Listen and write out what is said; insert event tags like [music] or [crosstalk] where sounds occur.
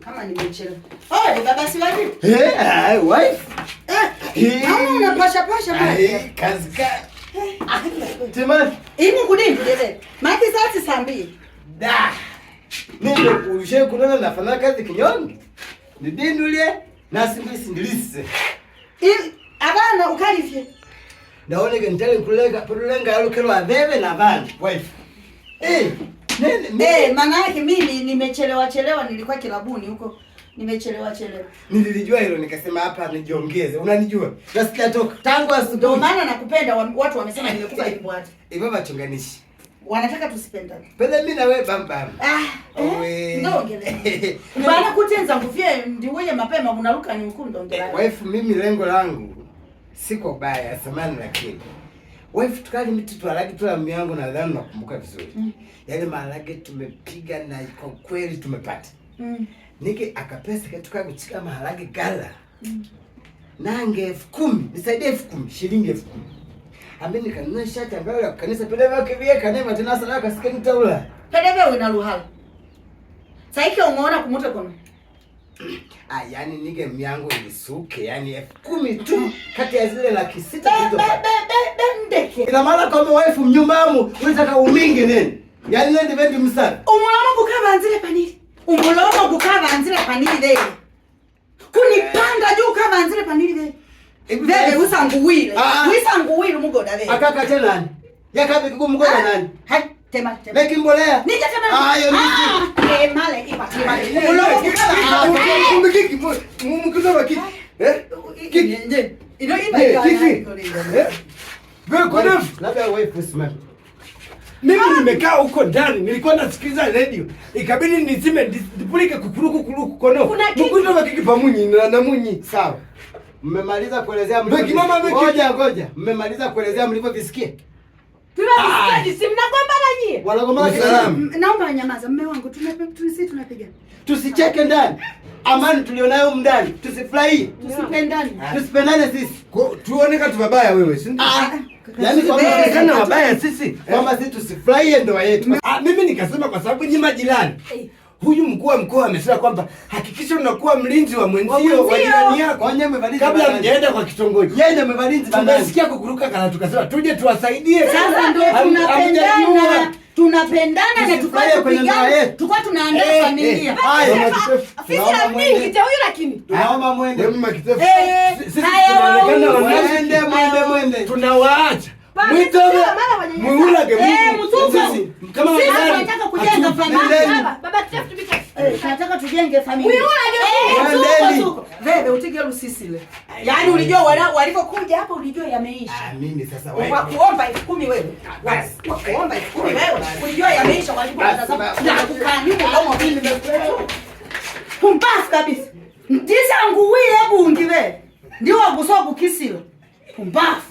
Kama nimechelewa. Oh, nafanya kazi kinyonge. Nidindulie na abana ukalifye ndaoneke ntali kulenga kulenga yalokelo abebe na bandi wife eh nene eh, maana yake mimi nimechelewa chelewa, nilikuwa kilabuni huko nimechelewa chelewa. Nililijua hilo nikasema, hapa nijiongeze, unanijua na sijatoka tangu asubuhi. Ndio maana nakupenda, watu wamesema eh, nimekupa eh, ibwati ibaba eh, chunganishi wanataka tusipendane. Pende mimi na wewe bam. Ah. Owe. Ndio ngele. Bana [laughs] kutenza ngufie ndiwe mapema unaruka ni mkundo ngela. Wife, mimi lengo langu siko baya samani, lakini wewe tukali miti tuaragi tu amu yangu, nadhani nakumbuka vizuri mm. Yale yaani maharage tumepiga na kwa kweli tumepata mm. Niki akapesa katuka kuchika maharage gala mm. Nange elfu kumi nisaidie, elfu kumi shilingi elfu kumi ambaye nikanunua shati ambayo ya kanisa pele wake kivye kanema tena sana kasikeni taula pele wewe na ruhala saiki umeona kumuta kwa Ah, yani nige myangu nisuke, yani elfu kumi tu kati ya zile laki sita ndeke. Ina maana kama wife mnyumamu ka umingi nini? Yani nende vendi msana. Umulama kukava nzile panili. Umulama kukava anzile panili dele. Kunipanda juu kukava nzile panili dele. Vele usa nguwile. Ah. Usa nguwile mugoda vele. Akaka tena nani? Yakabe mugoda ah. nani? Hai. Tema, tema. Leki Nige Nije tema. Ah, yo nisi. Ah, tema leki kumbe kiki wa kiki eh kiki nje ina inaimba eh, kiki eh wewe kwa nini labda wewe usimame mimi nimekaa huko ndani, nilikuwa nasikiliza radio, ikabidi nizime dipulike kukuruku kuruku kono mkundo wa kiki pamunyi na namunyi. Sawa, mmemaliza kuelezea mlivyo. Mama meki, ngoja ngoja, mmemaliza kuelezea mlivyovisikia. Tunavisikia jinsi na nyie, wanagombana. Naomba nyamaza, mume wangu, tunapiga tusicheke ndani amani tulionayo mndani, tusifurahi, tusipendane, tusipendane sisi, tuoneka tu wewe, si yaani tuonekana wabaya sisi, eh. kwamba sisi tusifurahie ndoa yetu. Ah, mimi nikasema kwa sababu ni majirani Huyu mkuu wa mkoa amesema kwamba hakikisha unakuwa mlinzi wa mwenzio wa jirani yako kabla mjaenda kwa kitongoji. Yeye ndiye mlinzi. Tumesikia kukuruka kana tukasema tuje tuwasaidie. Sasa ndio tunapendana tunapendana na tukapigana, tuko tunaandaa familia. Tunaomba mwende, mwende, mwende, mwende, tunawaacha tunataka tujenge familia. Bebe eh, utike Lusisi ile. Yaani ulijua walipokuja hapa ulijua yameisha. Ah, mimi sasa wewe. Kwa kuomba elfu kumi wewe. Kwa kuomba elfu kumi wewe. Ulijua yameisha kwa sasa. na kukanika kama mimi nimekuelewa. Pumbafu kabisa. Ndisa nguwie bungi wewe. Ndiwa gusobu kisilo. Pumbafu.